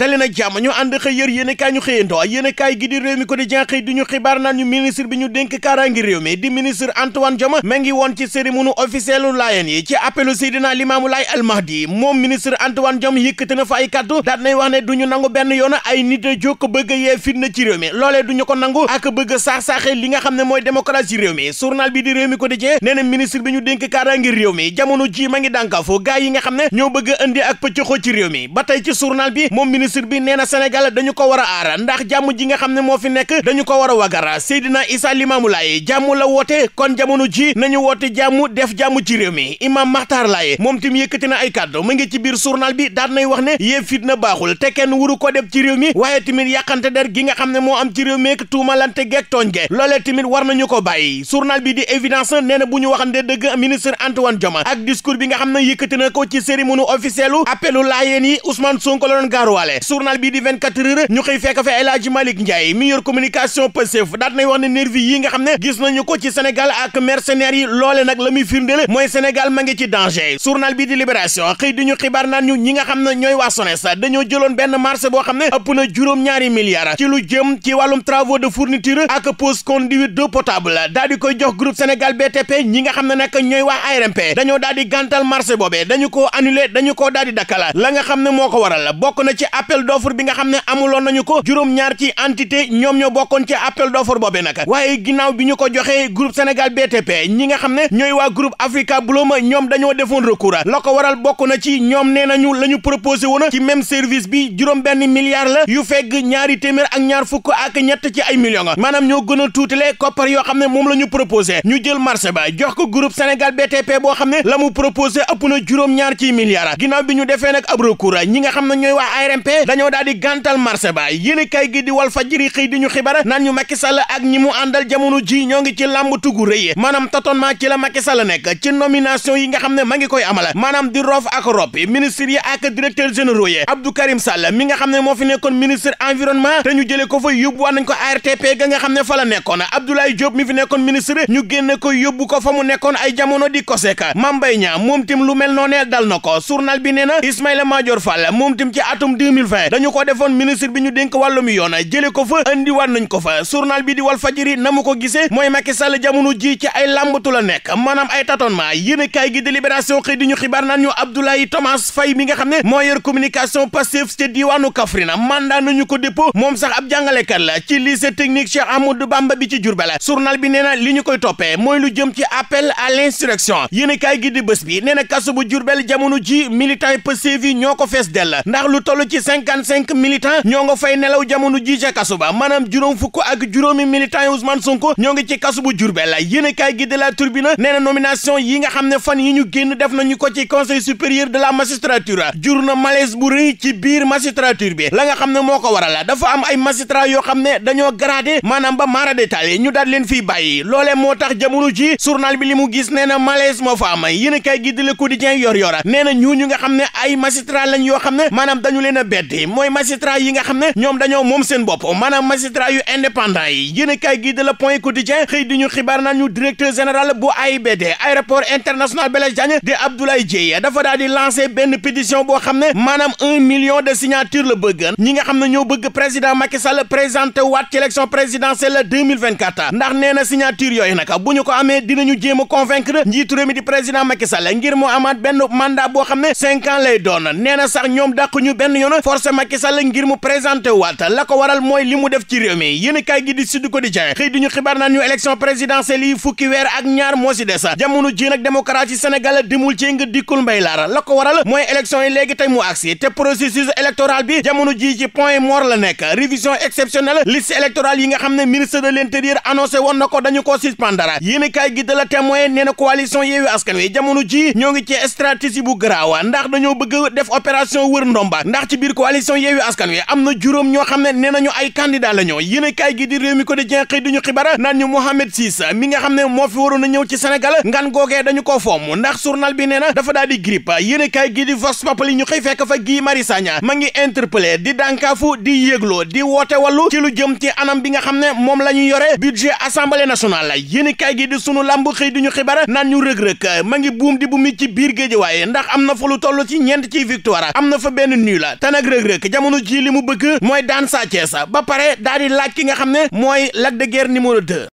tali nag jàmm ñu ànd xëy yër yéen kaay ñu xëyandoo yéen kaay gi di réew mi ko di jenxëy di ñu xibaar naan ñu ministre bi ñu dénk kaaraangi réew mi di ministre ma ngi woon ci cérémonie u laayeen yi ci appelu Seydina Limaamu Laay Almahdi moom ne du bëgg a yee fitna ci réew mi loolee du ñu ko bi di ministre bi ñu dénk kaaraangi réew mi jamono ji ma ngi dànkafo gaay yi nga xam ne ñoo bëgg indi ak pëccëxoo ci réew mi ba tey ci journal bi moom ministre bi nee na Sénégal dañu ko war a aar ndax jàmm ji nga xam ne moo fi nekk dañu ko war a wagara Seydina Issa Limamou Laye jàmm la woote kon jamono ji nañu woote jàmm def jàmm ci réew mi Imam Makhtar Laye moom tim yëkkati na ay kàddu mu ngi ci biir journal bi daan nay wax ne yee fitna baaxul te kenn wuru ko def ci réew mi waaye tamit yàqante der gi nga xam ne moo am ci réew mi ak tuumalante geeg tooñ ge loolee tamit war nañu ko bàyyi journal bi di évidence nee bu ñu waxante dëgg ministre Antoine Diome ak discours bi nga xam ne yëkkati na ko ci cérémonie officielle appelu laayeen yi Ousmane Sonko la doon gaaruwaale journal bii di 24 heures ñu xëy fekk fa El Hadji Malick Ndiaye mi yor communication Pastef daat nay wax ne nervi yi nga xam ne gis nañu ko ci Sénégal ak mercenaires loole nag la muy firndeel mooy Sénégal ma ngi ci danger journal bii di Libération xëy di ñu xibaar naan ñu ñi nga xam ne ñooy waa SONES dañoo jëloon benn marché boo xam ne ëpp na juróom-ñaari milliards ci lu jëm ci wàllum travaux de fourniture ak pose conduite d'eau potable daal di koy jox groupe Sénégal ñi nga xam ne nag ñooy waa ARMP dañoo daal di gàntal marché boobee dañu koo annulé dañu koo daal di dakkal la nga xam ne moo ko waral bokk na ci appel d'offre bi nga xam ne amuloon nañu ko juróom-ñaar ci entité ñoom ñoo bokkoon ci appel d'offre boobee nag waaye ginnaaw bi ñu ko joxee groupe Sénégal BTP ñi nga xam ne ñooy waa groupe Africa Bloom ñoom dañoo defoon recours la ko waral bokk na ci ñoom nee nañu la ñu proposé woon ci même service bi juróom benn milliard la yu fegg ñaari téeméer ak ñaar fukk ak ñett ci ay millions maanaam ñoo gën a tuutale koppar yoo xam ne moom la ñu proposé ñu jël marché ba jox ko groupe Sénégal BTP boo xam ne la mu proposé ëpp na juróom-ñaar ci milliards ginnaaw bi ñu defee nag ab recours ñi nga xam ne ñooy waa ARMP jàppee dañoo daal di gàntal marché ba yéen kay gi di wal fajiri xëy di ñu xibaar naan ñu Macky Sall ak ñi mu àndal jamono ji ñoo ngi ci làmb tugu rëy maanaam tâtonnement ci la Macky Sall nekk ci nomination yi nga xam ne ma ngi koy amal maanaam di roof ak rob ministre yi ak directeur généraux yi Abdou Karim Sall mi nga xam ne moo fi nekkoon ministre environnement te ñu jëlee ko fa yóbbu a nañ ko ARTP ga nga xam ne fa la nekkoon Abdoulaye Diop mi fi nekkoon ministre ñu génne ko yóbbu ko fa mu nekkoon ay jamono di koseka Mame Mbaye Niang moom tim lu mel noonee dal na ko journal bi nee na Ismaïla Madior Fall moom tim ci atum 2000 2020 dañu ko defoon ministre bi ñu dénk wàllum yoon jële ko fa andi waat ko fa journal bi di wal fajiri na mu ko gisee mooy Macky Sall jamono ji ci ay làmbatu la nekk maanaam ay tâtonnement yéen a gi délibération xëy di ñu xibaar naan ñu Abdoulaye Thomas mi nga xam ne moo yor communication Pastef ci diwaanu Kaffrine mandat nañu ko dépôt moom sax ab jàngalekat la ci lycée technique Cheikh Amadou Bamba bi ci Diourbel journal bi nee li ñu koy toppee mooy cinquante cinq militants ñoo nga fay nelaw jamono ji ca kasu ba maanaam juróom fukk ak juróomi militants yi Ousmane Sonko ñoo ngi ci kasu bu Jurbel yéen kaay gi de la Tribune nee na nomination yi nga xam ne fan yi ñu génn def nañu ko ci conseil supérieur de la magistrature jur na malaise bu rëy ci biir magistrature bi la nga xam ne moo ko waral dafa am ay magistrat yoo xam ne dañoo gradé maanaam ba mara détaillé ñu daal leen fiy bàyyi loolee moo tax jamono ji journal bi li mu gis nee na malaise moo fa am yéen kaay gi de Le Quotidien yor yora nee na nga xam ne ay magistrat lañ yoo xam ne maanaam dañu leen a mbedd yi mooy magistrat yi nga xam ne ñoom dañoo moom seen bopp maanaam magistrat yu indépendant yi yéen a kaay gi de la point quotidien xëy di ñu xibaar naan ñu directeur général bu AIBD aéroport international Blaise Diagne di Abdoulaye Dièye dafa daal di benn pétition boo xam ne maanaam un million de signature la bëgg ñi nga xam ne ñoo bëgg président Macky Sall présenté waat ci élection présidentielle 2024 ndax nee na signature yooyu nag bu ñu ko amee dinañu jéem a convaincre njiitu réew mi di président Macky Sall ngir mu amaat benn mandat boo xam ne cinq ans lay nee na sax ñoom dàq ñu benn yoon forcé Macky Sall ngir la ko waral mooy li mu def ci réew mi yéen kaay gi di Sud Quotidien xëy di ñu xibaar naan ñu élection présidentielle yi fukki weer ak ñaar moo si des ji nag démocratie Sénégal dimul ci nga dikkul mbay laara la ko waral mooy élection yi léegi tey mu agsi te processus électoral bi jamono ji ci point mort la nekk révision exceptionnelle liste électorale yi nga xam ne ministre de l'intérieur annoncé woon na ko dañu ko suspendara yéen kaay gi da la témoin nee na coalition Yewwi Askan Wi jamono ji opération wër ndomba ndax ci biir coalition Yewwi Askan Wi am na juróom ñoo xam ne nee nañu ay candidat la ñoo yéen a kaay gi di réew mi ko di jenqëy duñu xibara naan ñu Mohamed Sis mi nga xam ne moo fi waroon a ñëw ci Sénégal ngan googee dañu ko foom ndax journal bi nee na dafa daal di grippe yéen a kaay gi di Vox Populi ñu xëy fekk fa Guy Marius Sagna ma ngi interpellé di dànkaafu di yéegloo di woote wàllu ci lu jëm ci anam bi nga xam ne moom la ñu yore budget assemblée nationale yéen kaay gi di sunu làmb xëy duñu xibara naan ñu rëg-rëg ma ngi buum di bu mi ci biir géej waaye ndax am na fa lu toll ci ñeent ci victoire am na fa benn nul la rëg-rëg jamono ji li mu bëgg mooy daan Sa Thiès ba pare daal di laaj ki nga xam ne mooy Lac de Guiers numéro 2